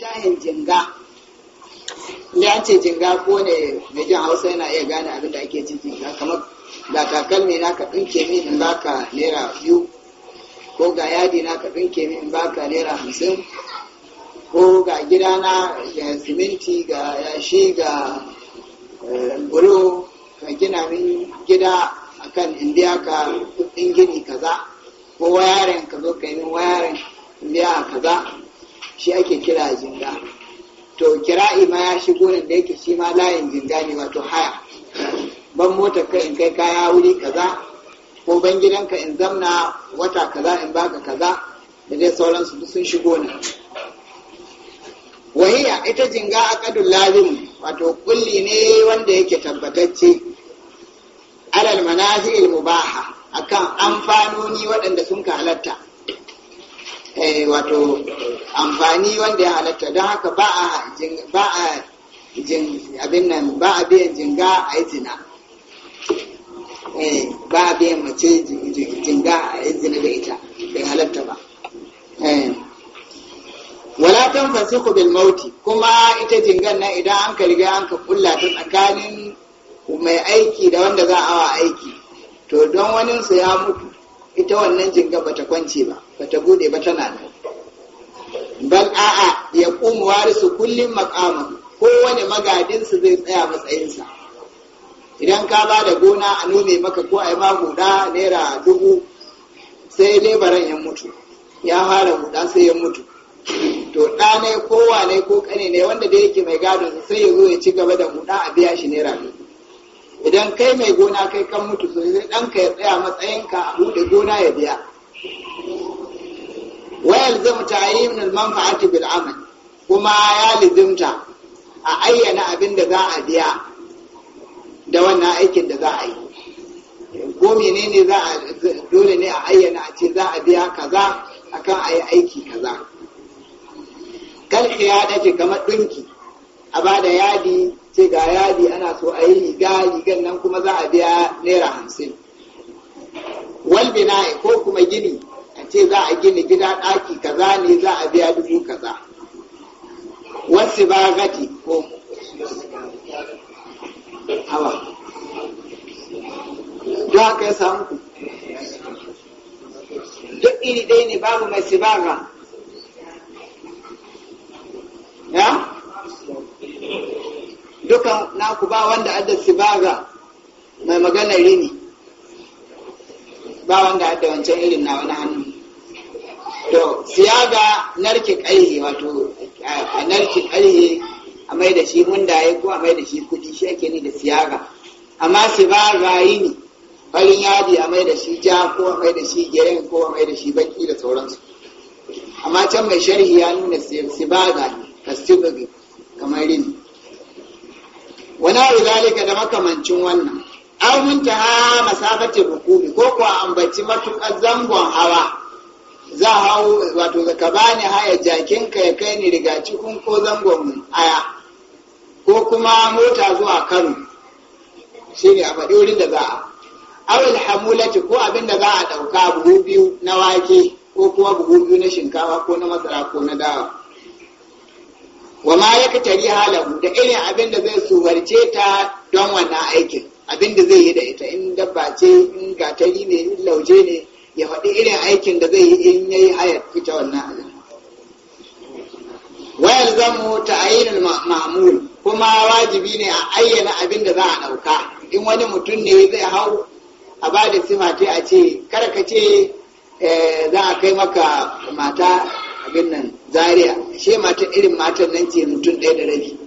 jahin jinga an ce jinga ko ne mai jin hausa yana iya gane abin da ake cin jinga kamar ga takalmi na ka ɗinke min in baka naira biyu ko ga yadi na ka ɗinke min in baka naira hamsin ko ga gida na ga siminti ga yashi ga eh, buru ka gina min gida akan in biya ka kuɗin gini kaza ko wayarin ka zo ka yi min wayarin in biya kaza shi ake kira jinga to kira'i ma ya shigo da yake shi ma layin jinga ne wato haya ban mota ka in kai kaya wuri kaza ko ban gidanka in zamna wata kaza in baka kaza da dai sauransu duk sun shigo ne wahiya ita jinga kadun lalim wato kulli ne wanda yake tabbatacce alal manazil mubaha akan amfanoni waɗanda sun ka halatta Eh, wato amfani wanda ya halatta don haka ba a jin abin nan ba a biyan jinga a yi zina eh, ba a biyan mace jinga a yi zina da ita bai halatta ba eh. wala tan fasiku bil mauti kuma ita jingan nan idan an ka riga an ka kulla ta tsakanin mai aiki da wanda za a wa aiki to don waninsu ya mutu ita wannan jinga ba ta kwance ba bata bude ba tana nan bal a'a ya kuma warisu kullum makaman kowane magadinsu zai tsaya matsayinsa idan ka ba da gona a nome maka ko a yi ma guda naira dubu sai lebaran ya mutu ya fara guda sai ya mutu to ɗa ne kowa ne ko kane ne wanda da yake mai gado sai ya zo ya ci gaba da guda a biya shi naira idan kai mai gona kai kan mutu sosai dan ka ya tsaya matsayinka a buɗe gona ya biya wa yalzamu ta'yin al-manfa'ati bil amal kuma ya lizimta a ayyana abin da za a biya da wannan aikin da za a yi ko menene za a dole ne a ayyana a ce za a biya kaza akan a yi aiki kaza kalki ya dace kamar ɗinki a bada yadi ce ga yadi ana so a yi riga rigar nan kuma za a biya naira hamsin walbina ko kuma gini ce za a gina gida ɗaki kaza ne za a biya dubu kaza wasu ba gadi ko hawa Za ka ya samu ku duk iri ɗaya ne babu mai sibaga ya dukan naku ba wanda adda sibaga mai magana rini ba wanda adda wancan irin na wani hannu to siyaga narke ƙarhe wato a narke ƙarhe a mai da shi mundaye ko a mai da shi kudi shi ake ni da siyaga amma si ba rayi ne farin yadi a mai da shi ja ko a mai da shi geren ko a mai da shi baki da sauransu amma can mai sharhi ya nuna ga ne kastibagi kamar rini wani abu zalika da makamancin wannan an munta ha masafatin rukubi ko kuwa ambaci matuƙar zangon hawa za hau wato ka ni haya jakinka ya kai ni riga cikin ko zangon aya ko kuma mota zuwa kano shi ne a faɗi wurin da za a awil hamulati ko abin da za a ɗauka buhu biyu na wake ko kuma buhu biyu na shinkawa ko na masara ko na dawa wa ma ya katari halahu da irin abin da zai subarce ta don wannan aikin abin da zai yi da ita in dabba ce in gatari ne in lauje ne ya faɗi irin aikin da zai yi in ya yi hayar ita wannan abin wayar zamu ta ainihin ma'amul kuma wajibi ne a ayyana abin da za a ɗauka in wani mutum ne zai hau a ba da ce a ce karka ce eh, za a kai maka mata abin nan zaria she mata irin matan nan ce mutum ɗaya da rabi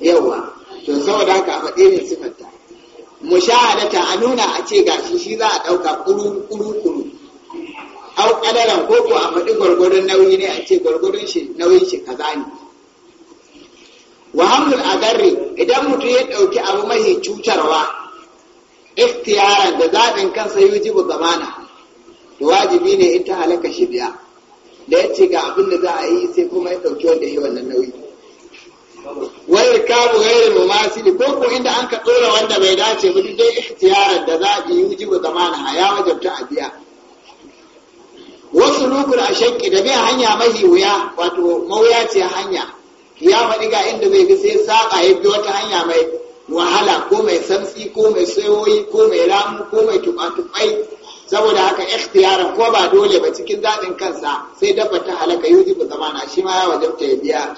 yawa to saboda haka a faɗi ne sifarta mushahadata a nuna a ce gashi shi za a ɗauka kuru kuru kuru au ƙadaran ko ko a faɗi gwargwadon nauyi ne a ce gwargwadon shi nauyin shi kaza ne wa a agarri idan mutum ya ɗauki abu mahi cutarwa ikhtiyaran da zaɓin kansa yujibu zamana da wajibi ne in ta halaka shi biya da ya ce ga abin da za a yi sai kuma ya ɗauki wanda ya yi wannan nauyi wai kabu gairin ne, ko ko inda an ka tsora wanda bai dace ba dai ihtiyarar da za a yi wujibu zamana ya wajabta a biya wasu lukul a shakki da biya hanya mahi wuya wato mawuya ce hanya ya faɗi ga inda zai bi sai saƙa ya bi wata hanya mai wahala ko mai santsi ko mai sayoyi ko mai ramu ko mai tuɓa-tuɓai saboda haka ikhtiyaran ko ba dole ba cikin daɗin kansa sai dabba ta halaka yujibu zamana shi ma ya wajabta ya biya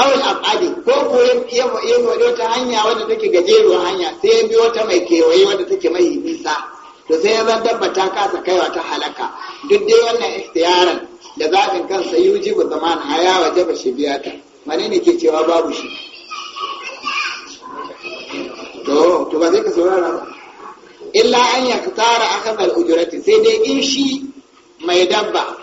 awal al'adi ko ko ya faɗi wata hanya wadda take gajeruwa hanya sai ya bi wata mai kewaye wadda take mai nisa to sai ya zan tabbata kasa kaiwa ta halaka duk dai wannan ikhtiyaran da zaɓin kansa yujibu zaman haya wa jaba shi biya ta mane ne ke cewa babu shi to to ba zai ka saurara ba illa an ya tara akan al'ujurati sai dai in shi mai dabba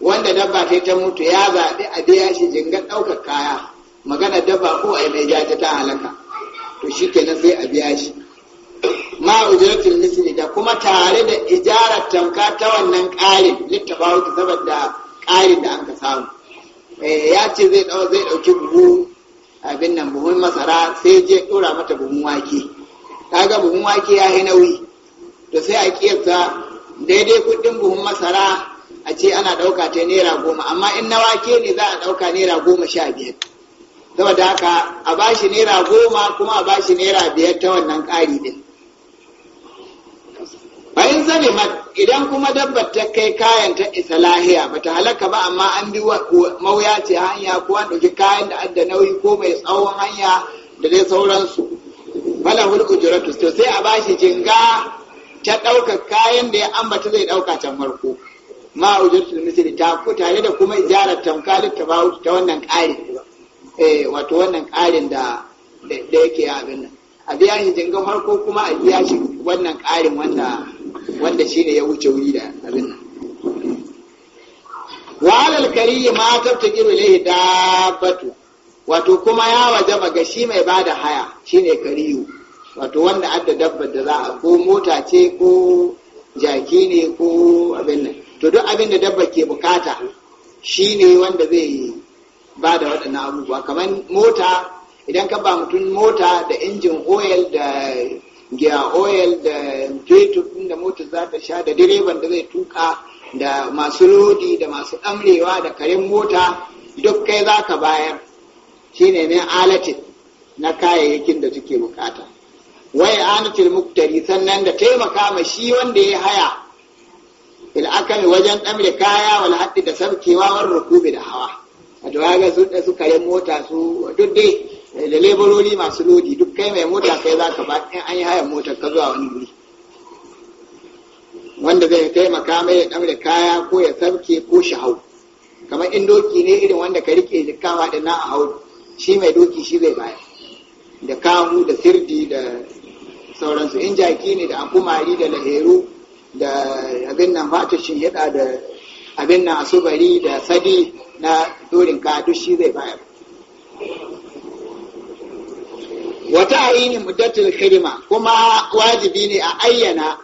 wanda dabba ta ta mutu ya zaɓi a biya shi jingar ɗaukar kaya magana dabba ko a mai jaji ta halaka to shi kenan sai a biya shi ma ujratul misli da kuma tare da ijarar tamka ta wannan ƙarin littafawuki saboda ƙarin da an ka samu eh, ya ce zai ɗauki buhu abin nan buhun masara sai je ɗora mata buhun wake Ta ga buhun wake ya yi nauyi to sai a ƙiyarta daidai kuɗin buhun masara a ce ana ɗauka ta naira goma amma in na wake ne za a ɗauka naira goma sha biyar saboda haka a bashi naira goma kuma a bashi naira biyar ta wannan ƙari din bayan zane idan kuma dabbar ta kai kayan ta isa lahiya bata halaka ba amma an bi mawuya ce hanya ko an ɗauki kayan da adda nauyi ko mai tsawon hanya da dai sauransu falahul ujratu to sai a bashi jinga ta ɗaukar kayan da ya ambata zai ɗauka can farko ma ujatul misri ta ku tare da kuma ijarar tamkalin ta ta wannan ƙarin. Eh, wato wannan ƙarin da da yake abin nan a biya shi jingan farko kuma a biya shi wannan ƙarin wanda wanda ne ya wuce wuri da abin nan wa alal kariyi ma tabtaki ilayhi dabbatu wato kuma ya waje ga shi mai bada haya shine kariyu wato wanda adda dabbar da za a ko mota ce ko jaki ne ko abin nan to duk abin da dabba ke bukata shi ne wanda zai ba da waɗannan abubuwa kamar mota idan ka ba mutum mota da injin oil da giya oil da fetur ɗin da mota za ta sha da direban da zai tuka da masu rodi da masu ɗamrewa da karen mota duk kai za ka bayar Shi ne alatin na kayayyakin da suke bukata wai anatil muktari sannan da taimaka ma shi wanda ya haya fil wajen ɗamre kaya wal haddi da sabkewa war rukubi da hawa wato ga su da su karen mota su duk dai eh, da leburori masu lodi duk kai mai mota kai za ka ba in an yi hayan mota ka zuwa wani wuri. wanda zai taimaka mai ya ɗamre kaya ko ya sabke ko shi hau kamar in doki ne irin wanda ka rike jikawa da na a hau shi mai doki shi zai bayar da kamu da sirdi da sauransu in jaki ne da akumari da laheru da abin nan fata shi yada da abin nan asubari da sadi na dorin ka duk shi zai bayar wata aini muddatul khidma kuma wajibi ne a ayyana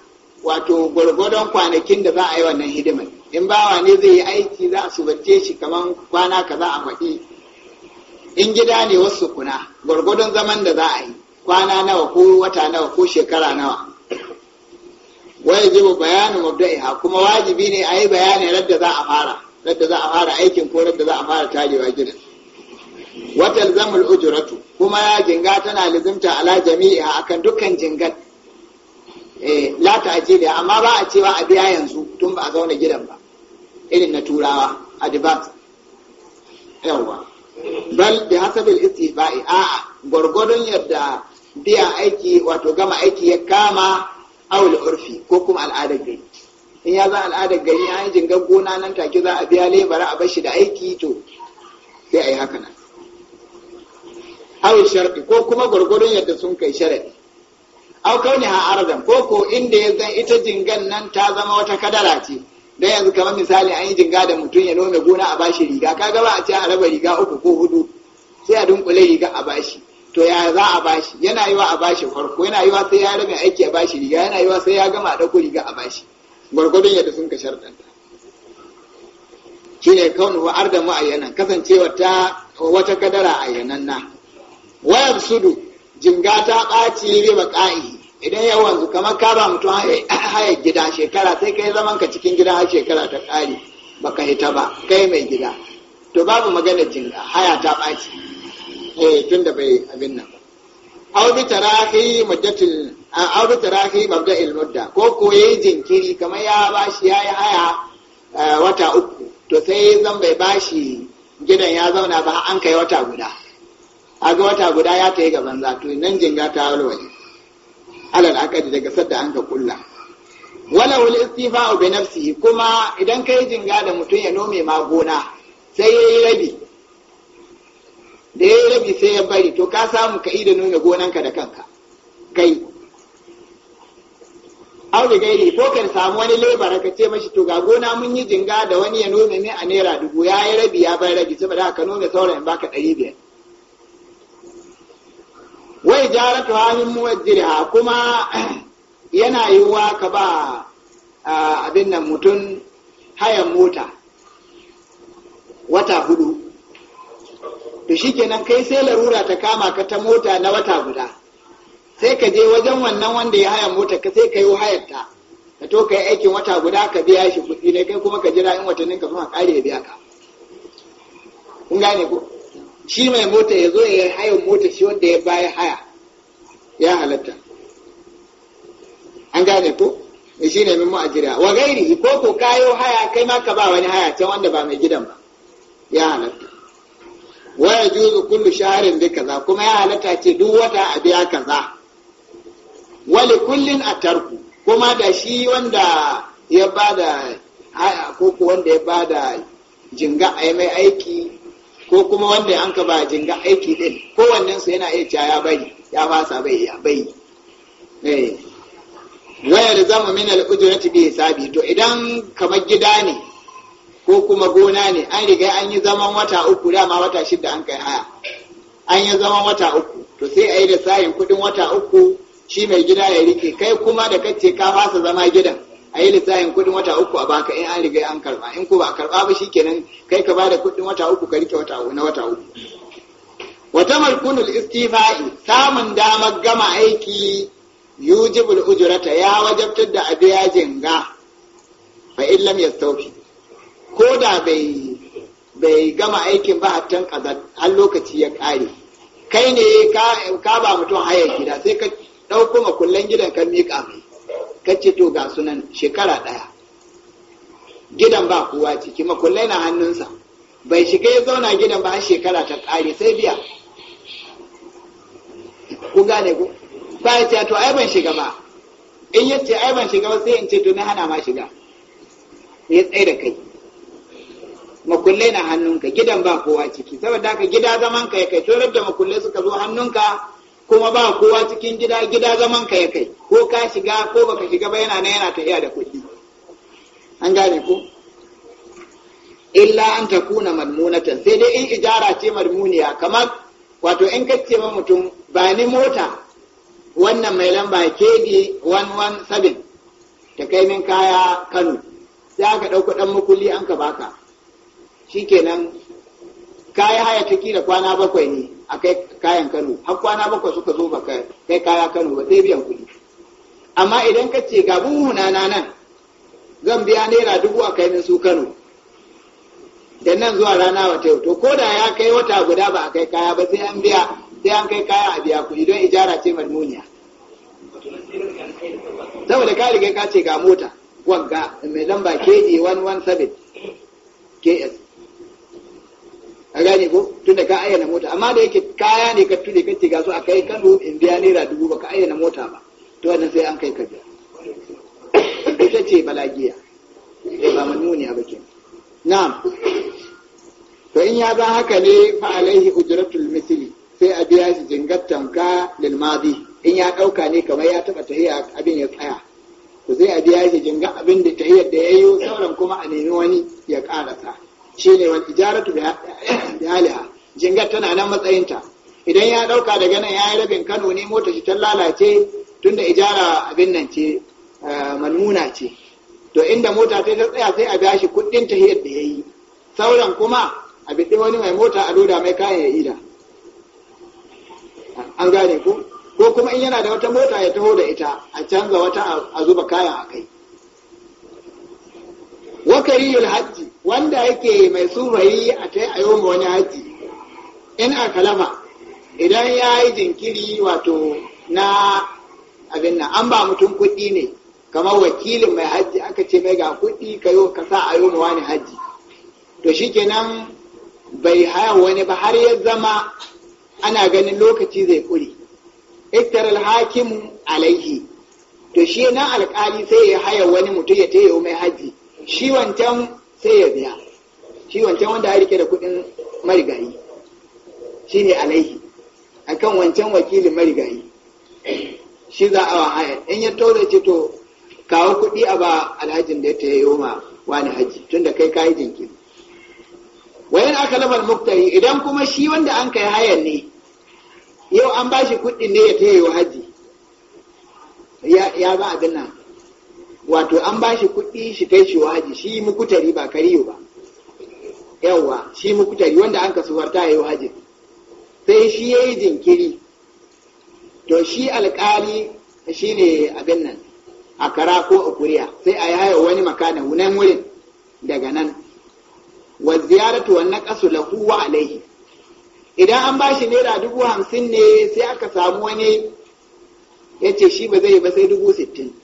wato gwargwadon kwanakin da za a yi wannan hidimar in bawa ne zai yi aiki za a subace shi kamar kwana kaza a faɗi in gida ne wasu kuna gwargwadon zaman da za a yi kwana nawa ko wata nawa ko shekara nawa wai jibu bayanin mabda'iha kuma wajibi ne a yi bayanin radda za a fara radda za a fara aikin ko radda za a fara tarewa gidan wata zamul ujratu kuma ya jinga tana lizimta ala jami'a akan dukkan jingan eh la ta'jila amma ba a cewa a biya yanzu tun ba a zauna gidan ba irin na turawa advance yawa bal bi hasabil istifa'i a'a gwargwadon yadda biya aiki wato gama aiki ya kama aul urfi ko kuma al'adar gari in ya za al'adar gari an jingar gona nan take za a biya lebara a bashi da aiki to sai a yi haka nan aul sharɗi ko kuma gwargwaron yadda sun kai sharaɗi au kauni ha arzan ko ko inda ya zan ita jingan nan ta zama wata kadara ce dan yanzu kamar misali an yi jinga da mutum ya nome gona a bashi riga kaga ba a ce a raba riga uku ko hudu sai a dunkule riga a bashi to ya za a bashi yana yi wa a bashi farko yana yi wa sai ya rabin aiki a bashi riga yana yi wa sai ya gama a ɗauko riga a bashi gwargwadon yadda sun ka sharɗanta shine kaunu wa arda ayyana kasancewa ta wata kadara ayyanan na wayar sudu jinga ta ɓaci ba baƙa'i idan ya wanzu kamar ka ba mutum haya gida shekara sai kai zaman ka cikin gida har shekara ta kare baka hita ba kai mai gida to babu maganar jinga haya ta ɓaci eh tunda bai abin nan aw tarahi muddatil aw bi tarahi mabda'il mudda ko ko yayi jinkiri kamar ya bashi yayi haya eh, wata uku to sai zan bai bashi gidan ya zauna ba an kai wata guda a ga wata guda ya ta yi gaban zato nan jinga ta walwale alal akadi daga sadda an ka kulla wala wal istifa'u bi nafsihi kuma idan kai jinga da mutum ya nome ma gona sai yayi rabi da ya rabi sai ya bari to ka samu ka da nuna gonanka da kanka kai da gairi ko kan samu wani lebara ka ce mashi to ga gona mun yi jinga da wani ya nuna ne a naira dubu ya yi rabi ya bar rabi saboda ka nuna sauran baka ɗari biyar wai jaratu halin muwajjirha kuma yana yiwuwa ka ba abin nan mutum hayan mota wata hudu to shikenan kai sai larura ta kama ka ta mota na wata guda sai ka je wajen wannan wanda ya haya mota ka sai ka yi hayarta ka to kai yi aikin wata guda ka biya shi kuɗi ne kai kuma ka jira in watannin ka suna kare ya biya ka kun gane ko shi mai mota ya zo ya yi mota shi wanda ya baya haya ya halatta an gane ko da shi ne min mu'ajira wa gairi ko ko kayo haya kai ma ka ba wani haya can wanda ba mai gidan ba ya halatta waya juzu kullu shahrin bi kaza kuma ya halatta ce duk wata a biya kaza wali kullin a tarku kuma da shi wanda ya bada ko wanda ya bada jinga a mai aiki ko kuma wanda an ka ba jinga aiki din kowannen su yana iya ya bai ya fasa bai ya bai eh wayar zama min al-ujrati bi hisabi to idan kamar gida ne ko kuma gona ne an riga an yi zaman wata uku dama wata shida an kai haya an yi zaman wata uku to sai a yi da sayin kudin wata uku shi mai gida ya rike kai kuma da kace ka fasa zama gidan a yi lissafin kudin wata uku a baka in an riga an karba in ko ba karba ba shikenan kai ka bada kudin wata uku ka rike wata na wata uku wata malkunul istifa'i samun damar gama aiki yujibul ujrata ya wajabtar da abiya jinga fa illam yastawfi ko da bai gama aikin ba hattan an lokaci ya kare kai ne ka ba mutum hayar gida sai ka ɗauko makullan gidan ka miƙa mai ka ce to ga sunan shekara ɗaya gidan ba kowa ciki makullai na hannunsa bai shiga ya zauna gidan ba shekara ta ƙare sai biya ku gane ku ba ya ce to ai ban shiga ba in ya ce ai ban shiga ba sai in ce to na hana ma shiga ya tsaye da kai makullai na hannunka gidan ba kowa ciki saboda haka gida zaman ka ya kai torar da makullai suka zo hannunka kuma ba kowa cikin gida gida zaman ka ya kai ko ka shiga ko baka shiga ba yana na yana iya da kuɗi an gane ku illa an takuna malmunatan sai dai in ijara ce malmuniya kamar wato in ka ce mutum ba ni mota wannan mai lamba kd 117 ta kai min kaya kano sai aka ɗauko ɗan makulli an ka baka shikenan kenan haya ta kila kwana bakwai ne a kai kayan Kano har kwana bakwai suka zo baka kai kaya Kano ba sai biyan kuɗi amma idan ka ce ga buhuna na nan zan biya naira dubu a kai su Kano da nan zuwa rana wata yau to ko da ya kai wata guda ba a kai kaya ba sai an biya sai an kai kaya a biya kuɗi don ijara ce malmuniya saboda ka riga ka ce ga mota wagga mai lamba keji 117 ks ka gane ko tun ka ayyana mota amma da yake kaya ne ka tuli kace ga su a kai Kano in biya naira dubu ba ka ayyana mota ba to wannan sai an kai ka biya ita ce balagiya eh, ba mu nuni a bakin na'am to in ya ba haka ne fa alaihi ujratul misli sai a biya shi jingattan ka lil madi in ya dauka ne kamar ya taba tahiya abin ya tsaya to sai a biya shi jinga abin da tahiyar da yayi sauran kuma a nemi wani ya karasa ne wani ijaratu da aliha jingar tana nan matsayinta idan ya dauka daga nan yi rabin Kano ne mota shi ta lalace tunda ijara abin nan ce eh, malmuna ce to inda mota ta ta tsaya sai a biya shi kuɗin ta yadda yi. sauran kuma a biɗi wani mai mota a loda mai kayan ya ida an gane ku ko kuma in yana da wata mota ya taho da ita a canza wata a zuba kayan a kai wakariyul hajji wanda yake mai sufayi a ta a yoma wani haji in a kalama idan ya yi jinkiri wato na abin nan an ba mutum kuɗi ne kamar wakilin mai haji aka ce mai ga kuɗi ka yi ka sa a yoma wani haji to shi kenan bai haya wani ba har ya zama ana ganin lokaci zai kuri iktar alhakim alaihi to shi na alkali sai ya haya wani mutum ya ta mai haji shi wancan sai ya biya shi wancan wanda ya rike da kudin marigayi shi ne alaihi akan wancan wakilin marigayi shi za a wahaya in ya tore ce to kawo kudi a ba alhajin da ta yi ma wani haji tun da kai kayi jinkiri wayan aka labar muktari idan kuma shi wanda an kai hayan ne yau an ba shi kuɗin ne ya ta yi haji ya ba abin nan wato an ba shi kuɗi shi kai shi waji shi mukutari ba kariyo ba yawwa shi mukutari wanda an kasuwar ta yi wajin sai shi ya yi jinkiri to shi alkali shi ne abin nan a kara ko a kuriya sai a yaya wani makana wunan wurin daga nan wa ziyaratu wa naqasu lahu wa alaihi idan an ba shi naira dubu hamsin ne sai aka samu wani ya ce shi ba zai ba sai dubu sittin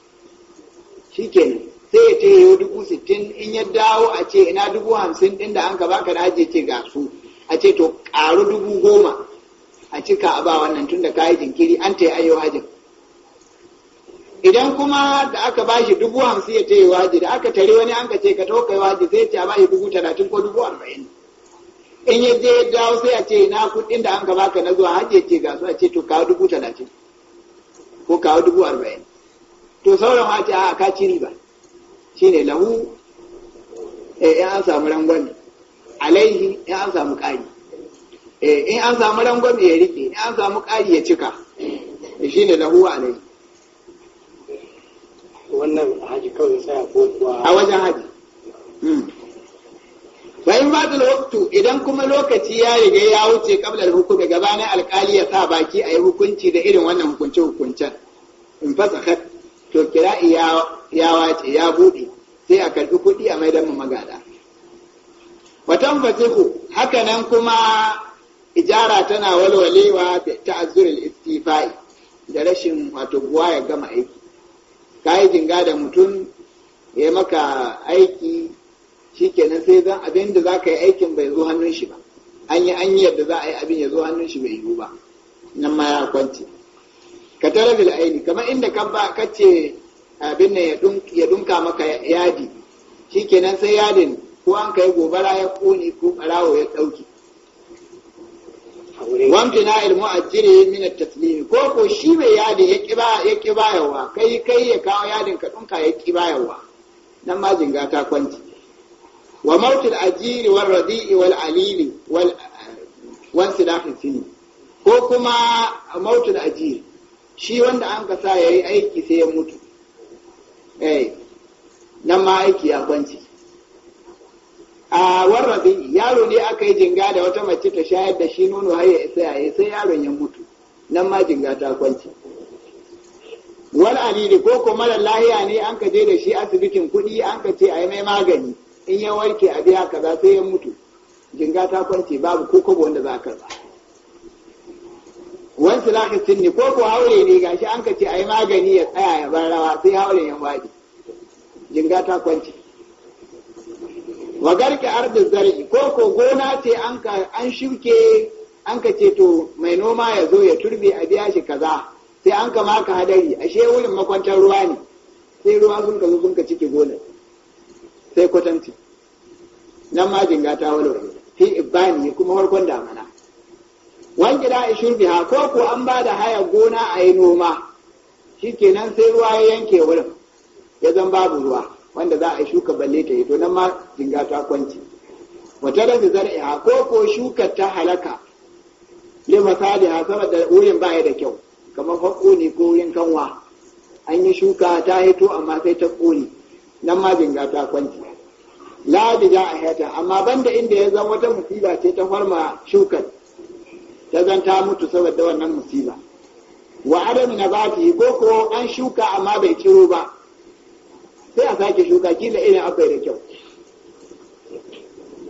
shikenan sai ya ce yau dubu sittin in ya dawo a ce ina dubu hamsin ɗin da an ka baka da ajiye ce ga su a ce to ƙaru dubu goma a cika a ba wannan tun da kayi jinkiri an ta yi ayo hajjin idan kuma da aka ba shi dubu hamsin ya ta yi waji da aka tare wani an ka ce ka tokai waji sai ce a ba shi dubu talatin ko dubu arba'in in ya je ya dawo sai a ce ina kuɗin da an ka baka na zuwa hajji ce ga su a ce to kawo dubu talatin ko kawo dubu arba'in to sauran wace a ka ci shi ne lahu eh, in an samu rangwami.' alaihi in an samu ƙari eh, in an samu rangwami ya rike in an samu ƙari ya cika ne lahu alaihi wannan haji kawai sai ko kuwa a wajen haji hmm. bayan da lokutu idan kuma lokaci ya riga ya wuce kablar hukumi gabanin alkali ya sa baki a yi hukunci da irin wannan hukunce hukuncen in fasa to kira'i ya wace ya buɗe sai a karɓi kuɗi a maidan mu magada watan fasihu hakanan kuma ijara tana walwalewa da ta'azzurul istifa'i da rashin wato buwa ya gama aiki ka yi jinga da mutum ya maka aiki shikenan sai zan abin da za ka yi aikin bai zo hannun shi ba an yi yadda za a yi abin ya zo hannun shi bai yiwu ba nan ma ya kwance ka bil aini kamar inda ka ba ka ce abin nan ya dunka maka yadi shikenan sai yadin ko an kai gobara ya kone ko barawo ya dauke wamtina ilmu ajiri min at-taslim ko ko shi mai yadi ya kiba ya yawa kai kai ya kawo yadin ka dunka ya yawa nan ma jinga ta kwanci wa mautul ajiri wal radi'i wal alili wal wan silahin sini ko kuma mautul ajiri shi wanda an ka sa ya yi aiki sai ya mutu eh nan ma aiki ya kwanci a warrabin yaro ne aka yi jinga da wata mace ta shayar da shi nono har ya isa ya sai yaron ya mutu nan ma jinga ta kwanci wal alili ko kuma lahiya ne an ka je da shi asibitin kuɗi an ka ce a yi mai magani in ya warke a biya kaza sai ya mutu jinga ta kwance babu ko kobo wanda za ka karba wani lakacin ne ko ko haure ne gashi an ka ce a magani ya tsaya ya bar rawa sai hauren ya waje jinga ta kwanci wa garke ardin zari ko ko gona ce an ka an shuke an ka ce to mai noma ya zo ya turbe a biya shi kaza sai an ka maka hadari ashe wurin makwantar ruwa ne sai ruwa sun ka zo sun ka cike gonar sai kwatanci nan ma jinga ta walwale fi ibani kuma farkon damana wanki da a shurbiha ko ko an ba da haya gona a yi noma shikenan sai ruwa ya yanke wurin ya zan babu ruwa wanda za a shuka balle ta yi to nan ma jinga ta kwanci wata da zar'iha ko ko shuka ta halaka lima saliha saboda wurin baya da kyau kamar hanko ne ko wurin kanwa an yi shuka ta hito amma sai ta ƙone nan ma jinga ta kwanci la da ja a hata amma banda inda ya zama wata musiba ce ta farma shukar ta zan ta mutu saboda wannan musiba wa adam na zafi ko ko an shuka amma bai ciro ba sai a sake shuka kila irin abai da kyau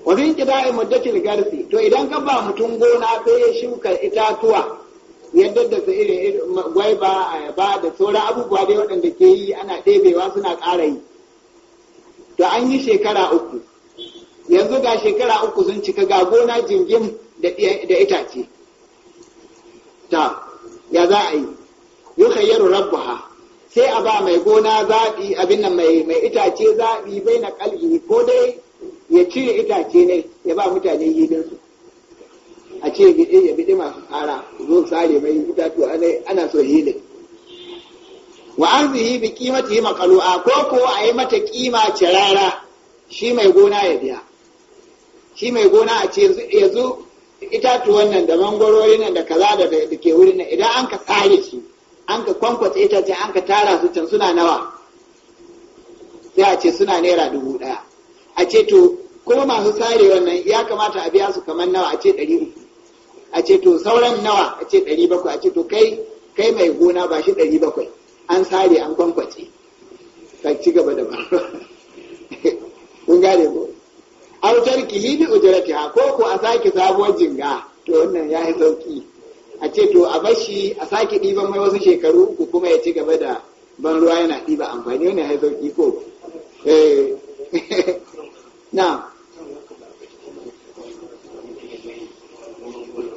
wa kida kida'i muddatil garsi to idan ka ba mutum gona sai ya shuka itatuwa yadda da su irin gwaiba ayaba da sauran abubuwa dai waɗanda ke yi ana ɗebewa suna ƙara yi to an yi shekara uku yanzu ga shekara uku sun cika ga gona jingim da itace ta ya za a yi yukayyaru rabbaha sai a ba mai gona zaɓi abin nan mai mai itace zaɓi bai na kalbi ko dai ya cire itace ne ya ba mutane gidan su a ce gidi ya bide masu tsara zo sare mai itatu ana so ne wa arzihi bi qimatihi maqlu'a ko ko a yi mata kima cirara shi mai gona ya biya shi mai gona a ce yanzu itatuwan nan da mangwarorin nan da kaza da da ke wurin nan idan an ka tsare su an ka kwankwatsa itace an ka tara su can suna nawa sai a ce suna naira dubu ɗaya a ce to kuma masu tsare wannan ya kamata a biya su kamar nawa a ce ɗari uku a ce to sauran nawa a ce ɗari bakwai a ce to kai kai mai gona ba shi ɗari bakwai an tsare an kwankwace ka ci gaba da ba kun gane ko aw tarkihi bi ujratiha ko ko a sake sabuwar jinga to wannan ya yi sauki a ce to a bashi a sake ɗiban mai wasu shekaru uku kuma ya ci gaba da ban ruwa yana ɗiba amfani wannan ya yi sauki ko eh. na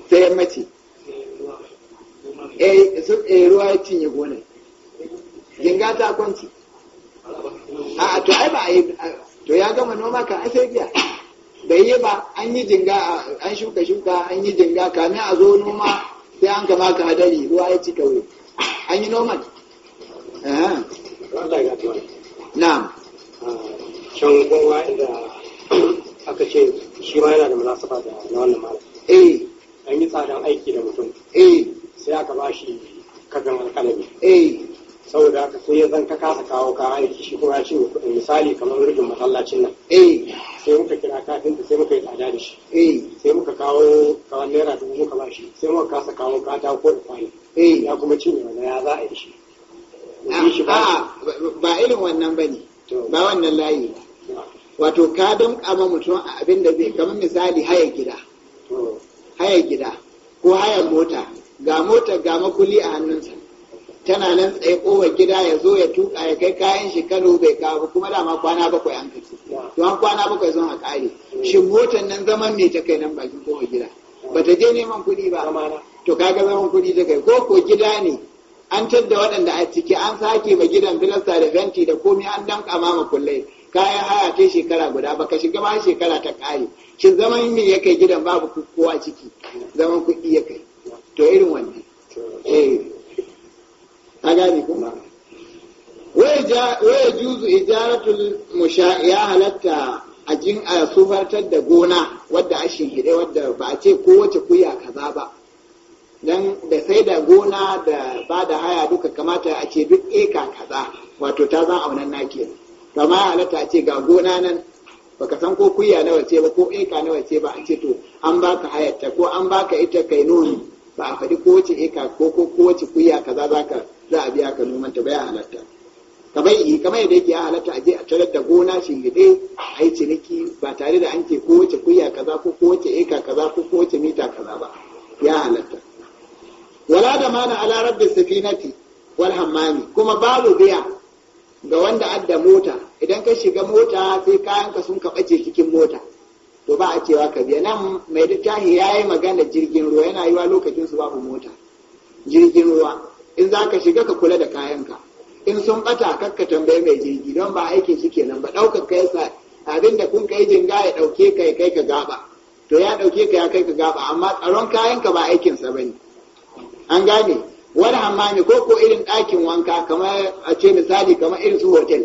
sai mace, eh, eh ruwa ya cinye gonar jinga ta kwanci a to ai ba a yi to ya gama noma ka ake biya da yi ba an yi jinga an shuka shuka an yi jinga kamin a zo noma sai an gama ka hadari ruwa ya ci kawo an yi noman eh. na'am can ah, gwangwa inda aka ce shi ma yana da munasaba da na wannan malam eh an yi tsadan aiki da mutum eh sai aka ba shi kagan alkalami eh saboda haka sai ya zan ka kasa kawo ka aiki shi kuma ya ce misali kamar rufin masallacin nan eh sai muka kira kafin sai muka yi tsada da shi eh sai muka kawo kawai naira dubu muka ba shi sai muka kasa kawo kata ko da kwani eh ya kuma cinye wani ya za a yi shi a'a ba irin wannan ba ne ba wannan layi wato ka don kama mutum a abin da zai kamar misali haya gida haya gida ko haya mota ga mota ga makuli a hannunsa tana nan tsaye kowa gida ya zo ya tuka ya kai kayan shi kano bai kawo kuma dama kwana bakwai an kai to an kwana bakwai zon a kare shi motar nan zaman ne ta kai nan bakin kowa gida Ba ta je neman kuɗi ba to kaga zaman kuɗi ta kai ko ko gida ne an tadda waɗanda a ciki an sake ma gidan filasta da fenti da komi an damƙa ma kullai kayan haya ta shekara guda baka shiga ba shekara ta kare shi zaman me ya kai gidan babu kowa ciki zaman kuɗi ya kai to irin wannan eh a gane kuma waya juzu ijaratul musha ya halatta a jin a sufartar da gona wadda a shinhide wadda ba a ce kowace kuya kaza ba don da sai da gona da ba da haya duka kamata a ce duk eka kaza wato ta zan aunan na ke kama ya halatta a ce ga gona nan baka san ko kuya nawa ce ba ko eka nawa ce ba a ce to an baka hayarta ko an baka ita kai nuni ba a faɗi kowace eka ko ko kowace kuya kaza za ka za a biya ka noman ta ya halatta kamar kamar yadda yake ya halatta a je a tarar da gona shingide a yi ciniki ba tare da an ke kowace kuya kaza ko kowace eka kaza ko kowace mita kaza ba ya halatta wala da mana ala rabbi safinati wal hammami kuma babu biya ga wanda adda mota idan ka shiga mota sai kayan ka sun ce cikin mota to ba a cewa ka biya nan mai Tahi ya yi magana jirgin ruwa yana yiwa wa lokacin su babu mota jirgin ruwa in za ka shiga ka kula da kayanka in sun bata kakka tambaye mai jirgi don ba aikin shi kenan ba daukar ka yasa abin da kun kai jinga ya ɗauke ka ya kai ka gaba to ya ɗauke ka ya kai ka gaba amma tsaron kayanka ba aikinsa ba ne an gane wani hammami ko ko irin ɗakin wanka kamar a ce misali kamar irin su hotel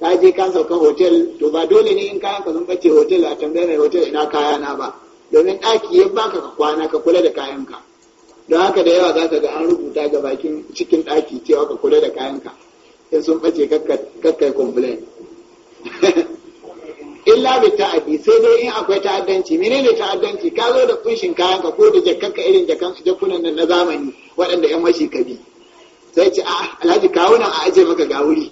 ka je ka sauka hotel to ba dole ne in kayan ka sun bace hotel a tambayar hotel ina kayana ba domin ɗaki ya baka ka kwana ka kula da kayanka don haka da yawa za ka ga an rubuta ga bakin cikin ɗaki cewa ka kula da kayanka in sun ɓace kakkai complain illa bi ta'addi sai dai in akwai ta'addanci menene ta'addanci ka zo da kunshin kayanka ko da jakkanka irin jakunan nan na zamani waɗanda yan mashi ka bi sai ce a ah, alhaji kawo nan a aje maka ga wuri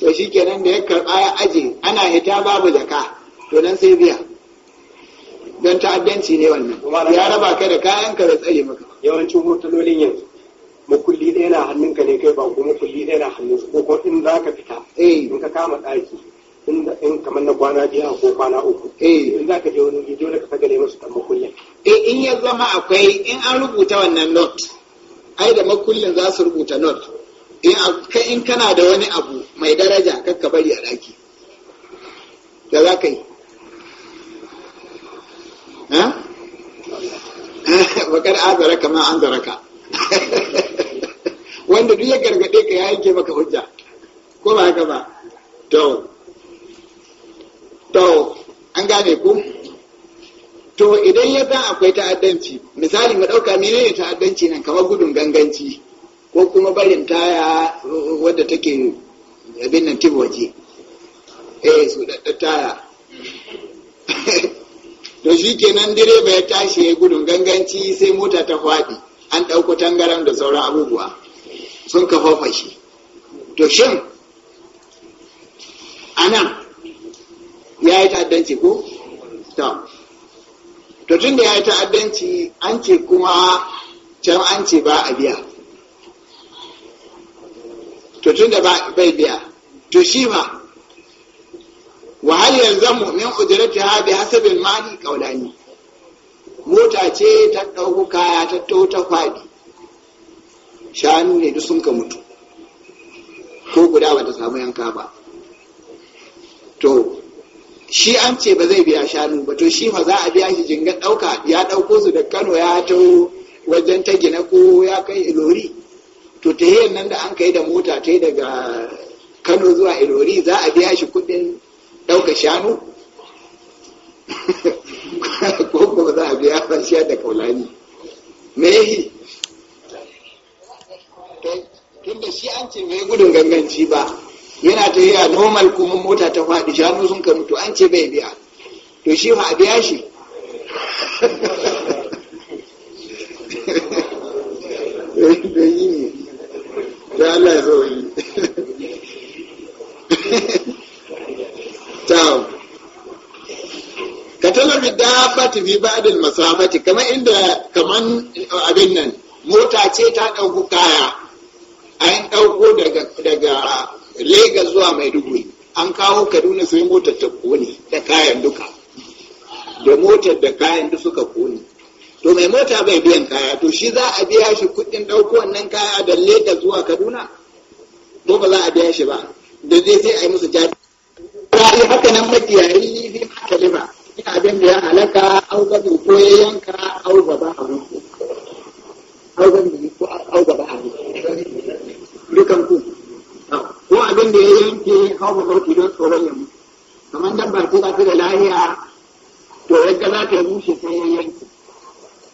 to shikenan da ya karɓa ya aje ana hita babu jaka to nan sai biya don ta'addanci ne wannan ya raba ka da kayanka da tsare maka yawancin hotunolin yanzu makulli ɗaya na hannunka ne kai ba ku makulli ɗaya na hannunsu ko in za ka fita eh. in ka kama ɗaki in kamar na kwana biya ko kwana uku eh. in za ka je wani wuri dole ka sagale masu ɗan makullin eh, in ya zama akwai in an rubuta wannan not ai da makullin za su rubuta not in kana da wani abu mai daraja kakka bari a ɗaki da za ka yi bakar azara kama an zaraka wanda duk ya gargaɗe ka ya yanke maka hujja ko ba haka ba to to an gane ku to idan ya zan akwai ta'addanci misali mu ɗauka ne ta'addanci nan kamar gudun ganganci ko kuma barin taya wadda take abin nan waje eh su taya to shi kenan direba ya tashi ya gudun ganganci sai mota ta faɗi an ɗauko tangaran da sauran abubuwa sun kafa shi. to shin ana ya yi ta'addanci ko? to tun da ya yi ta'addanci an ce kuma can an ce ba a biya to tun da bai biya to shi ma wa hal من min بحسب المال hasabi موتا تي تدوكو كايا تتو ta dauko kaya دو tau shanu ne duk sun ka mutu ko guda samu yanka ba to shi an ce ba zai biya shanu ba to shi fa za a biya shi jinga dauka ya dauko su da Kano ya tau wajen ta gina ko ya kai ilori to ta nan da an kai da mota ta daga Kano zuwa ilori za a biya shi kudin ɗauka shanu ko kuma za a biya farshiya da kaulani me yi tun da shi an ce mai gudun ganganci ba yana ta yi a normal kuma mota ta faɗi shanu sun kanu to an ce bai biya to shi ma a biya shi da yi ne da Allah ya zo yi masafati fi ba'dil masafati kamar inda kaman abin nan mota ce ta ɗauko kaya an ɗauko daga daga lega zuwa Maiduguri an kawo Kaduna sai mota ta kone da kayan duka da motar da kayan duk suka kone to mai mota bai biyan kaya to shi za a biya shi kuɗin ɗauko wannan kaya da lega zuwa Kaduna Ko ba za a biya shi ba da zai sai a yi musu jari haka nan makiyayi lifi ma kalima abin da ya halaka au gaba ko ya yanka au gaba a au ko au gaba a dukan ku ko abin da ya yanke hau ba mutu don tsoron ya mutu kamar dabba ba ta fi da lahiya to yadda za ta rushe sai ya yanke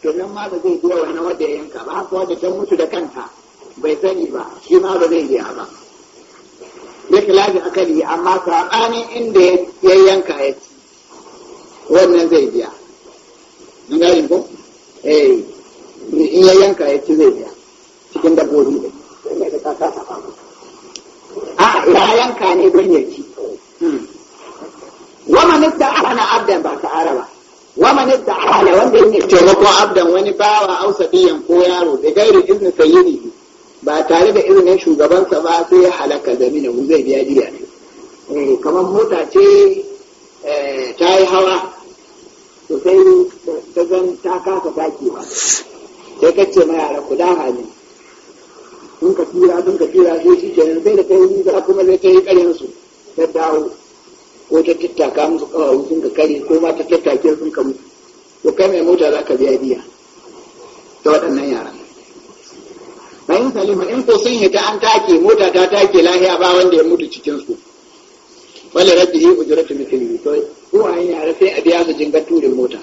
to nan ma ba zai biya wani wanda ya yanka ba haka wanda ta mutu da kanta bai sani ba shi ma ba zai biya ba ya kila da akali amma saɓanin inda ya yanka ya ci wannan zai biya an gane ko eh in ya yanka ya ci zai biya cikin dabbobi ne a ya yanka ne don ya ci hmm. wama nidda ahana abdan ba ta araba wama nidda ahana wanda yake taimako abdan wani bawa Hausa biyan ko yaro da gairi izini sayyidi ba tare da izinin shugabansa ba sai ya halaka zamina zai biya diya ne eh, kamar mota ce eh, ta yi hawa to sai ta zan ta kasa takewa sai ka ce ma yara ku da hali sun ka tura sun ka tura sai shi kenan sai da kai za kuma sai ta yi ƙarin su ta dawo ko ta tattaka musu kawai sun ka kare ko ma ta tattake sun ka mutu to kai mai mota za ka biya biya ta waɗannan yaran bayan salima in ko sun hita an take mota ta take lahiya ba wanda ya mutu cikin su rabbi yi ujratu mithlihi to uwayen yare sai a biya su jingar turin mota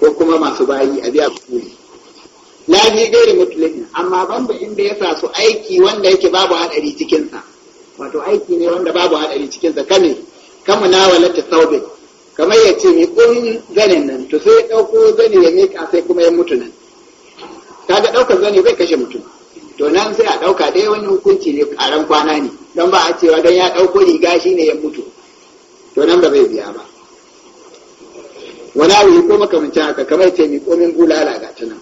ko kuma masu bayi a biya su turi lafi gairi mutulin amma banda inda ya sa su aiki wanda yake babu hadari cikinsa wato aiki ne wanda babu hadari cikinsa kame kama na walata saube kamar ya ce miƙon zanen nan to sai ya ɗauko zane ya miƙa sai kuma ya mutu nan kaga ɗaukar zane zai kashe mutum to nan sai a ɗauka dai wani hukunci ne ƙaran kwana ne don ba a cewa don ya ɗauko riga shi ne ya mutu to nan ba zai biya ba wani abu ko makamancin haka kamar ce mi komin gulala ga tunan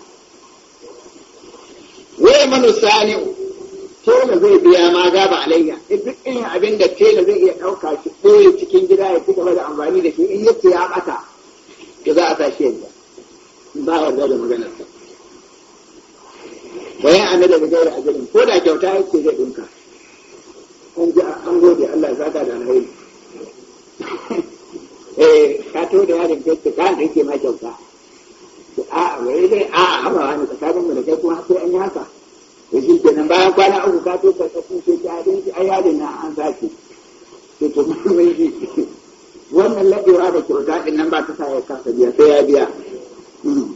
wai manu sani tela zai biya ma gaba alayya duk irin abin da tela zai iya ɗauka shi ɗoye cikin gida ya ci gaba da amfani da shi in yace ya ɓata to za a tashi yadda ba a da maganarsa bayan an da a gidan, ko da kyauta yake zai ɗinka an ji an gode Allah zaka da alheri eh ka to da yaron gaske ka da yake ma kyauta a wai ne a a ba wani ka sabon da kai kuma sai an yi haka to shi nan bayan kwana uku ka to ka tafi sai ka dinki ai yadin na an zaki to to mai shi wannan labewa da kyauta din nan ba ta sa ya kasa biya sai ya biya ya hmm.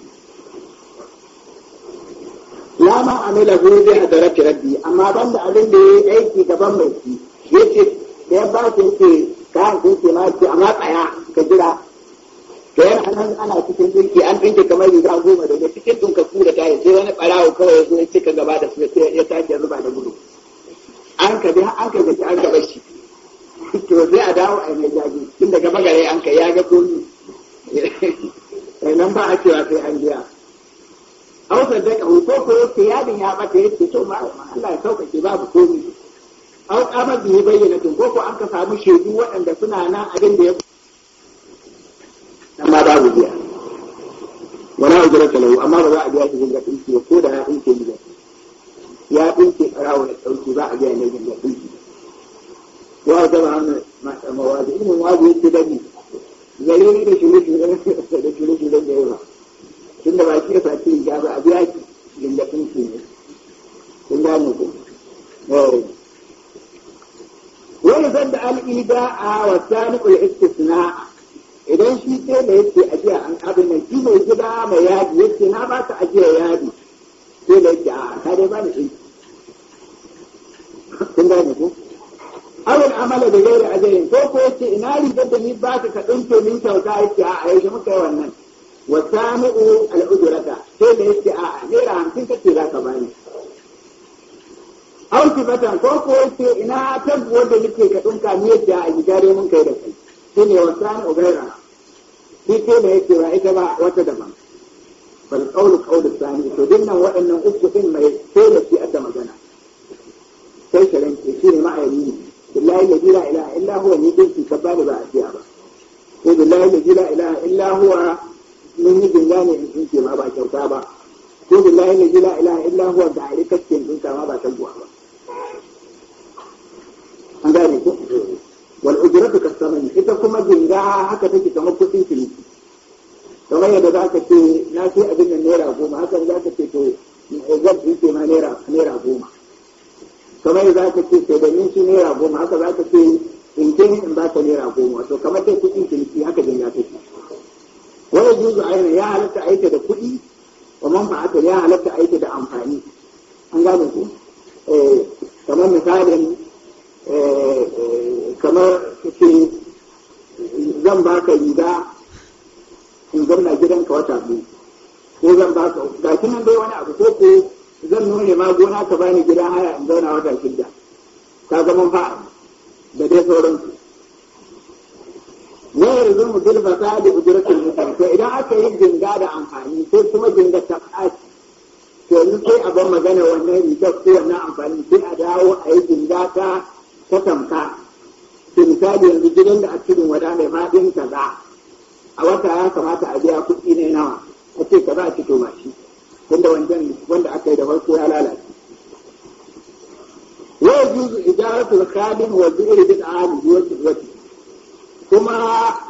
ma amila hu zai hadarati rabbi amma banda abin da ya yi aiki gaban mai shi yace da ya ba ta yake kayan sun ce ma ce amma tsaya ka jira ka yana nan ana cikin jirgi an dinki kamar riga goma da daga cikin dunkaku da kayan sai wani ɓarawo kawai ya zo ya cika gaba da su sai ya tashi ya zuba da gudu an ka bi an ka gaci an ka bashi to sai a dawo a yi mai jaji tun daga bagare an ka ya ga komi nan ba a cewa sai an biya hausa da ka hoto ko yadin ya bata ce, to ma Allah ya sauƙaƙe babu komi aw ya bayyana tun ko ko an ka samu shaidu waɗanda suna nan abin da ya amma babu biya Wani a ujra talau amma ba za a biya shi gunga dinki ko da ya dinke ni ya dinke rawo da ɗauki za a biya ne gunga Ko wa da ba an ma mawazi in wazi yake dani yi da shirye shirye da shirye shirye da yawa tunda ba ki ya ki ya ba a biya ki gunga dinki ne kun gane ko wani zan da al'ida a wasani istisna idan shi ce da yake ajiya an abin nan shi mai gida mai yadi yake na ba ka ajiya yadi sai da yake a ka dai ba ni shi kun gane ko awal amala da gaira ajayin ko yace ina rigar da ni ba ka ka dinke min kyauta yake a yaushe muka yi wannan wasani al'ujurata sai da yake a naira hamsin kake za ka bani aurki fatan ko ko yace ina tabbo da nake ka dinka ne da a gidare mun kai da kai shine wasan ugaira shi ke ne yake wa ita ba wata daban bal qawlu qawlu sani to dinnan waɗannan uku din mai sai da shi adda magana sai ke shi shine ma'ayini billahi la ilaha illa huwa ni din ki kabali ba asiya ba ko billahi la ilaha illa huwa mun yi dingane in ce ma ba kyauta ba ko billahi la ilaha illa huwa da alikakkin din ma ba tabbuwa ba an gane ko wal ujratu kasaman ita kuma ginga haka take kamar kuɗin ciniki kamar yadda za ka ce na ce abin nan naira goma hakan za ka ce to zan fi ce ma naira goma kamar yadda za ka ce to da minci naira goma haka za ka ce in ke in ba ka naira goma to kamar kai kuɗin ciniki haka ginga take wani juzu aina ya halatta aiki da kuɗi wa man fa'ata ya halatta aiki da amfani an gane ku eh, kamar misalin kamar ce zan ba ka riga in gidan gidanka wata biyu ko zan ba ka ga nan dai wani abu ko ko zan nune ma gona ka bani gida haya in zauna wata shida ka zama fa'a da dai sauransu ne yanzu mu dilba ta da ujiratul mutane to idan aka yi ginga da amfani sai kuma ginga ta ɓaci to ni sai a bar magana wannan rigar ko wannan amfani sai a dawo a yi ginga ta ta tamka misali yanzu gidan da a cikin wada mai faɗin kaza a wata ya kamata a biya kuɗi ne nawa a ce kaza a fito mashi wanda wancan wanda aka yi da farko ya lalace Ya juzu ijaratu al-khadim wa zu'ri bil aali wa tijwati kuma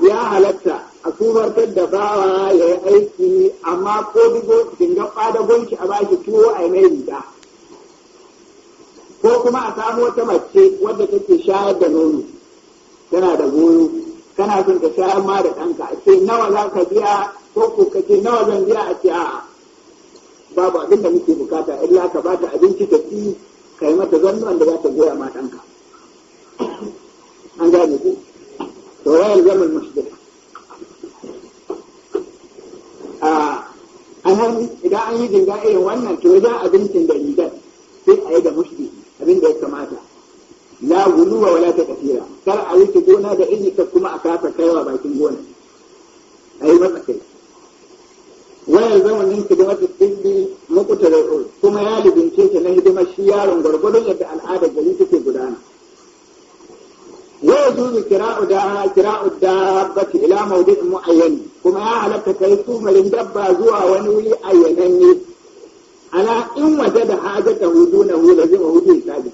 ya halatta a sumartar da bawa ya yi aiki amma ko digo dinga fada gonki a baki tuwo a yi mai riga kuma a samu wata mace wadda take shayar da nono tana da goyo kana son ka shayar ma da ɗanka a ce nawa za ka biya ko ko ka ce nawa zan biya a ce a'a babu abin da muke bukata illa ka bata abinci ta ci ka yi mata zannuwan da za ta goya ma ɗanka an gane ku to wayar zaman mashigar a nan, idan an yi dinga irin wannan to wajen abincin da rigar sai a yi da mushrik abin da ya kamata la guluwa wala ta kar a wuce gona da in ta kuma a kasa kaiwa bakin gona a yi masa kai wayar zamanin hidimar tsibbi kuma ya lubince ta na hidimar shi yaron gwargwadon yadda al'adar gari take gudana waya zuzu kira'u da kira'u dabbati ila maudu'in mu'ayyani kuma ya halatta kai sumarin dabba zuwa wani wuri ne. ala in waje da ta hudu na hula zai ma hudu misali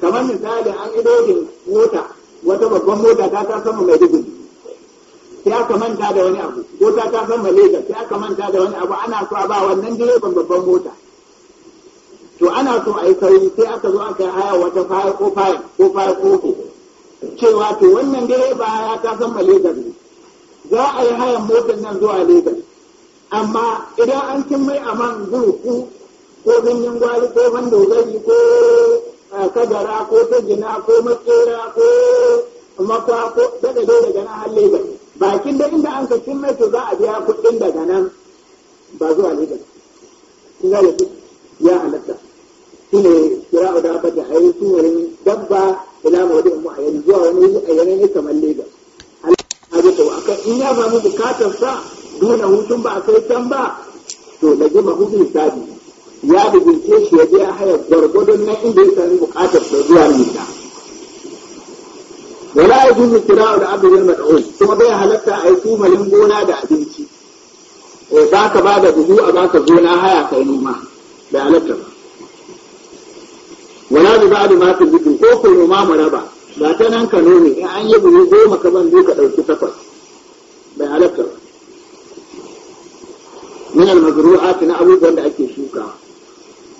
kamar misali an ido dogin mota wata babban mota ta ta sama mai dubu sai aka manta da wani abu ko ta ta sama lagos sai aka manta da wani abu ana so a ba wannan direban babban mota to ana so a yi sauri sai aka zo aka yi haya wata faya ko faya ko faya ko cewa to wannan direba ya ta sama lagos ne za a yi hayan motar nan zuwa lagos amma idan an cin mai a man zurku ko ganyen gwari ko man dogari ko eh, kadara ko ta gina ko matsera ko makwa ko daga dai daga nan halle ba bakin da inda an kacin mai to za a biya kuɗin daga nan ba zuwa ne kun ga ya halatta shi ne kira'u da aka ta hayi sunarin dabba ila a yanzu. zuwa wani ayyana ne kamar lebar Allah ya ji to akan in ya samu bukatar sa nuna hutun ba a kai can ba to da ji hutun sabi ya bugunce shi ya je ya haya gwargwadon na inda ya sami bukatar da zuwa nisa wala ya juzu kira da abin mad'un kuma bai halatta a yi kumalin gona da abinci za eh, ka ba da buhu a ba ka zo na haya kai noma da halatta ba wala bi ba'du ma fi bidu ko ko noma raba, ba ta nan ka nome in an yi buhu goma ka ban ka ɗauki takwas bai halatta ba min al-mazru'ati na abubuwan da ake shuka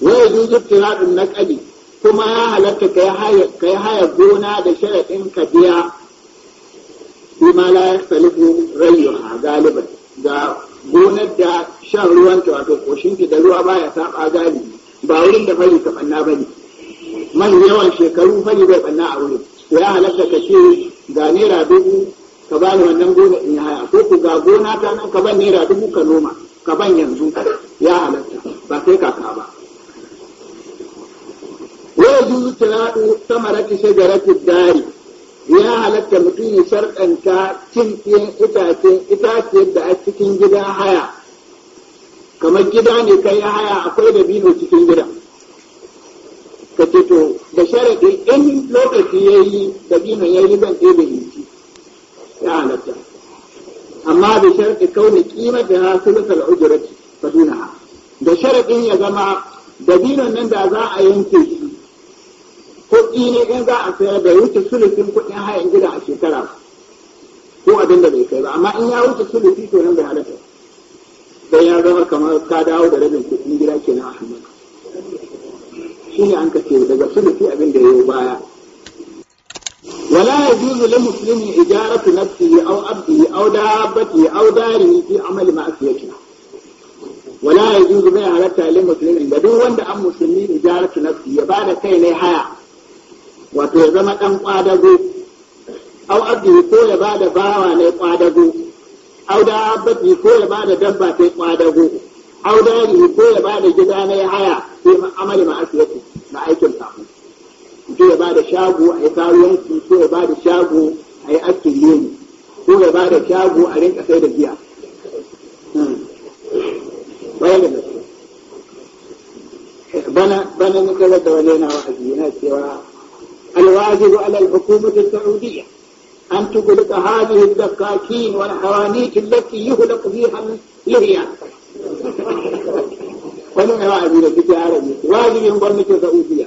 wa yajuzu ibtihadun naqali kuma ya halatta kai haya haya gona da sharadin ka biya bima la yasalifu rayyuha galiban ga gonar da shan ruwanta wato koshinki da ruwa baya saba galibi ba wurin da fari ka banna bane man yawan shekaru fari bai banna a wurin ya halatta ka ce ga naira dubu ka bani wannan gona in haya ko ku ga gona ta nan ka ban naira dubu ka noma gaban yanzu ya halatta ba sai kaka ba wai juzu ta samarati shajarati dari ya halatta mutum ya sharɗanta cin ɗiyan itacen itace da a cikin gidan haya kamar gida ne ka ya haya akwai da bino cikin gida ka ce to da sharaɗin in lokaci ya yi da bino ya yi zan ɗebe ya halatta amma kauna ƙima da qimataha thuluthal ujrati ha. da sharadin ya zama da dinan nan da za a yanke shi kuɗi ne in za a sayar da wuce sulufin kuɗin hayan gida a shekara ko abin da bai kai ba amma in ya wuce sulufi, to nan bai halatta dan ya zama kamar ka dawo da rabin kuɗin gida ke a hannunka shi ne an kace daga sulufi abin da ya yi baya ولا يجوز لمسلم إجارة نفسه أو عبده أو دابته أو داره في عمل معصيته ولا يجوز ما يعرفت لمسلم بدون وند أم مسلمين إجارة نفسه بعد كين حياة وتعزم أم قادقوا أو عبده كل بعد باوى قادقوا أو دابته كل بعد دبته قادقوا أو داره كل بعد جداني حياة في عمل معصيته مع أيكم تعمل mutum ya da shago a yi su ko ya da shago a yi askin lemu ko ya da shago a rinka sai da giya bana bana ne kala da wani na wa'azi yana cewa alwajibu ala alhukumati الحكومة an أن تغلق هذه wal hawanit allati يغلق fiha اللهيان wani mai wa'azi da kike arabi wajibin gwamnatin saudiya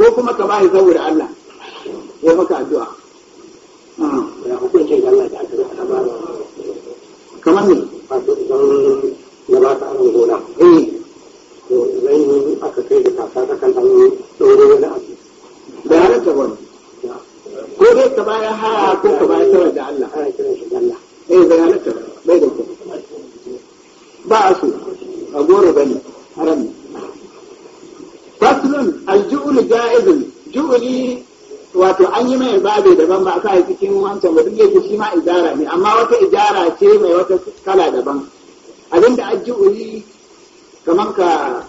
ko kuma ka bashi saboda Allah ya maka addu'a kamar ne na ba ta ka gona eh to idan aka kai da kasa ta kan ɗan ɗaure wani abu da har ka wani ko dai ka bayar ha ko ka bayar saboda Allah ana kiran shi Allah eh bai halatta ba wato an yi mai babe daban ba a sa cikin wancan ba duk yake shi ma ijara ne amma wata ijara ce mai wata kala daban Abin ji uri kamar ka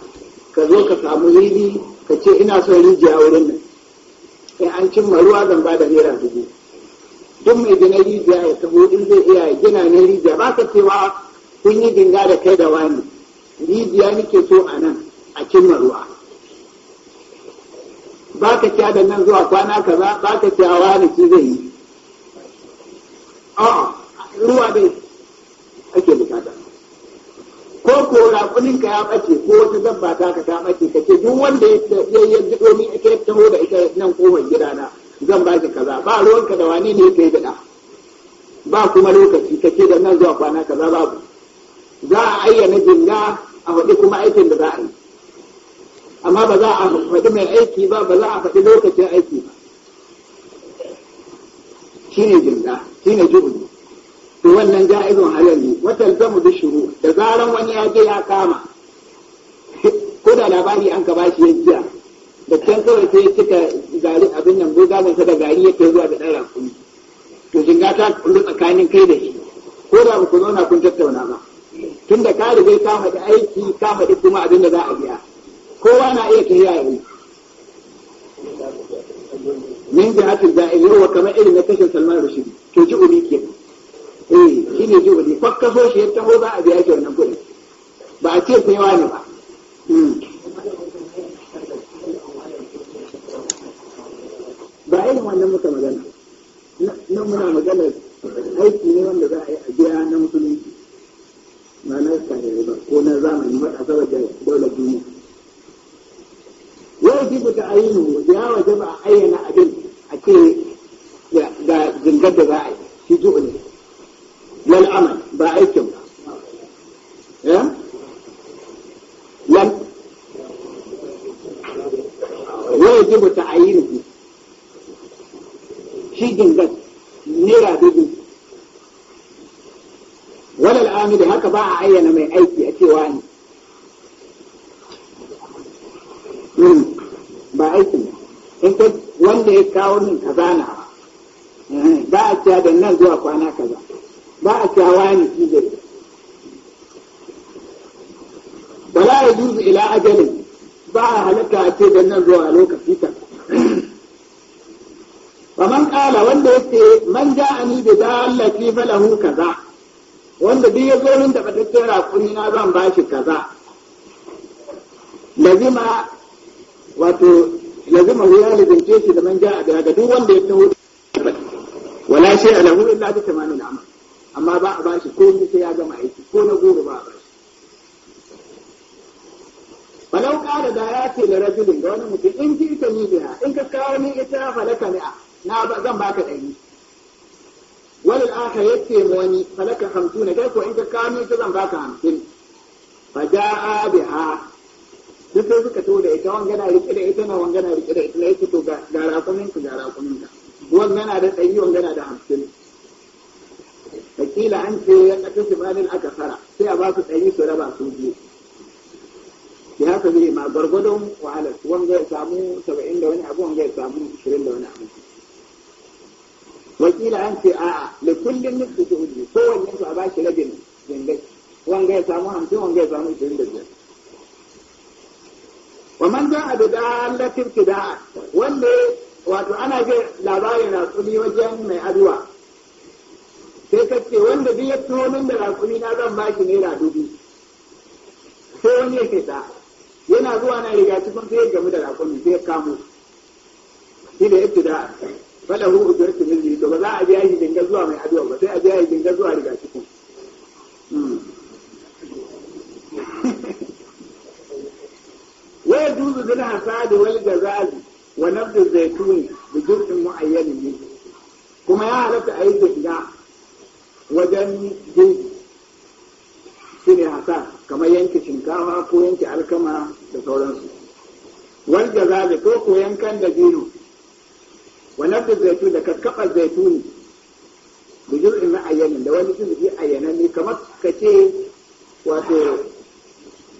ka zo ka samu ribi ka ce ina son rijiya wurin nan sai an cimma ruwa zan ba da naira dubu duk mai gina rijiya ya tabo in zai iya gina ne rijiya ba ka cewa kun yi dinga da kai da wani rijiya nake so a nan a cimma ruwa ba ka kya da nan zuwa kwana kaza ba ka kya kwanaki zai yi a'a ruwa dai ake bukata ko ko rakuninka ya ɓace ko wata dabba ta ka ta ɓace ka ce duk wanda ya yi ji domin ake taho da ita nan gida na, zan ba ki kaza ba ruwan ka da wani ne ka yi ba kuma lokaci ka ce da nan zuwa kwana kaza babu za a ayyana jinga a faɗi kuma aikin da za a yi amma ba za a faɗi mai aiki ba ba za a faɗi lokacin aiki ba shi ne jinda shi ne ju'udu to wannan ja'izun halal ne wata zamu da shuru da zaran wani ya je ya kama ko da labari an ka bashi ya jiya da can kawai sai ya cika gari abin nan ko gaban sa da gari yake zuwa da ɗan rakumi to jinga ta kullu tsakanin kai da shi ko da ku zauna kun tattauna ba tunda ka riga ka faɗi aiki ka faɗi kuma abin da za a biya kowa na iya tafiya ya wuce min jihatul da'ir wa kamar irin na kashin Salman Rashid to ji uri ke eh shine ji uri fakka so shi ya taho za a biya shi wannan kuɗi ba a ce sai wani ba hmm. ba irin wannan muka magana nan muna magana aiki ne wanda za a yi a biya na musulunci ma na ba, ko na zamani ba a saboda daular duniya wajibu da ainihu ya wajaba a ayyana abin a ce ga zingar da za a yi shi zuwa ne wal amal ba aikin ba ya wajibu ta ainihu shi zingar nera dubu walal amili haka ba a ayyana mai aiki a cewa ne ba aiki in ka wanda ya kawo nan kaza na eh, ba a cewa da nan zuwa kwana kaza ba a cewa wani shi zai wala ya zuzu ila ajalin ba a halatta a ce da nan zuwa lokaci ta man kala wanda yake man ja a ni da dallati falahu kaza wanda duk ya zo min da fatattun rakuni na zan ba shi kaza lazima wato yanzu mahu ya lizince shi da man ja a daga duk wanda ya taho wala shi a lahu illa bi tamamin amal amma ba a bashi ko ni sai ya gama aiki ko na goro ba a bashi falau ƙara da ya ce da rajulin da wani mutum in ji ita ni biya in ka kawo ni ita falaka ne na zan baka ɗari wani aka ya ce wani falaka hamsin na ko in ka kawo ni ita zan baka hamsin fa ja'a biha duk sai suka taho da ita wangana rike da ita na wangana rike da ita na yake to ga rakunin ka ga rakunin ka wangana da ɗari wangana da hamsin wakila an ce ya ƙasa su banin aka fara sai a ba su ɗari su raba su biyu ya haka zai ma gwargwadon wahalar wanga ya samu saba'in da wani abu wanga ya samu ashirin da wani abu wakila an ce a'a da kullum nufi su uji kowanne su a ba shi rabin zingai wanga ya samu hamsin wanga ya samu ashirin da biyar wa man da a dalatin fida wanda wato ana ga labarin raƙumi wajen mai aduwa sai ka ce wanda biya ya da raƙumi na zan ba shi naira dubu sai wani ya fita yana zuwa na riga cikin sai ya gamu da raƙumi sai ya kamo shi da ibtida'a falahu ujratu min zaituni da jirgin mu'ayyanin ne kuma ya halatta a yi jirga wajen jirgi shi ne hasa kamar yanke shinkawa ko yanke alkama da sauransu wal jazabi ko ko yankan da dino wa nafsu zaituni da kakkaɓar zaituni da jirgin mu'ayyanin da wani jirgi ayyananne kamar ka ce wato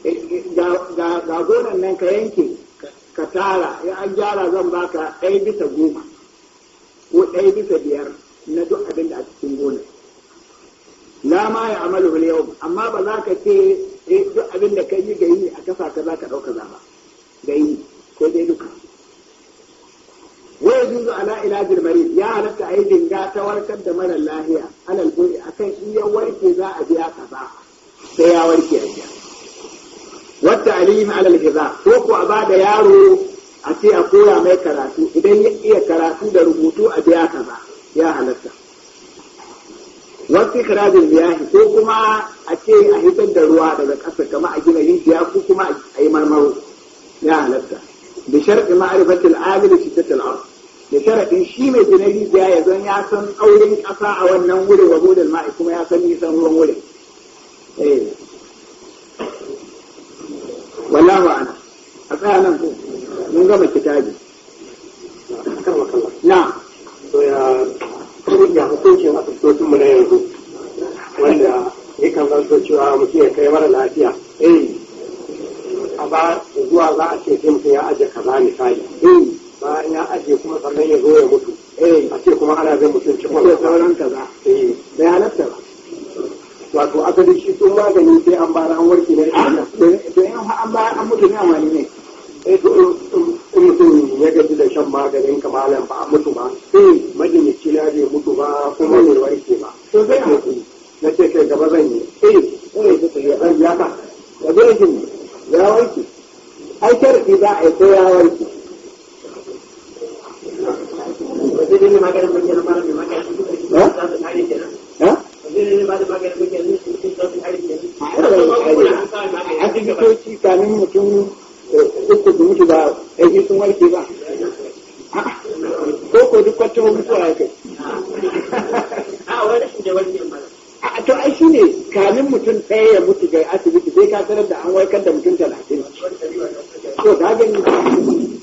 eh, eh, ga gonan nan ka yanke ka tara ya an gyara zan baka ɗaya bisa goma ko ɗaya bisa biyar na duk abin da a cikin gonar la ma ya amalu wani yau amma ba za ka ce eh, duk abin da kai yi ga yini a kasa ka za ka ɗauka za ba ga ko dai duka wa juzu ala ila jirmari ya halatta a yi dinga ta warkar da mara lahiya alal a akan iya warke za a biya kaza sai ya warke a biya wata alim alal hiza ko ko a bada yaro a a koya mai karatu idan ya iya karatu da rubutu a biya kaza ya halatta wasu kirajin biyahi ko kuma a ce a hitar da ruwa daga ƙasa kama a gina rijiya ko kuma a yi marmaro ya halatta da sharɗin ma'arifatul amil shiddatul ard da sharaɗin shi mai gina ya zan ya san auren ƙasa a wannan wurin wa godal ma'i kuma ya san nisan ruwan wurin eh. wallahu a'lam a tsaya nan ko mun gama kitabi na to ya ya hukuncin asibitocin mu na yanzu wanda kan yakan so cewa mutum ya kai mara lafiya eh a ba zuwa za a ce sai mutum ya aje kaza misali eh bayan ya aje kuma sannan ya zo ya mutu eh a ce kuma ana zai mutum cikin sauran kaza eh bai halatta ba wato asali shi sun magani sai an bara an warke ne ne eh, to mutum ya gaji da shan maganin kamalan ba a mutu ba sai majalici na ba kuma ne warke ba na ce kai gaba zan yi kuma eh, ya ya zan ya zai jin ya warke ai za a yi sai asibitoci kamin mutum uku mutu ba aiki sun warke ba ko ko duk kwacin mutuwa ya kai to ai shi ne kamin mutum ɗaya ya mutu ga asibiti sai ka sanar da an warkar da mutum talatin to ka gani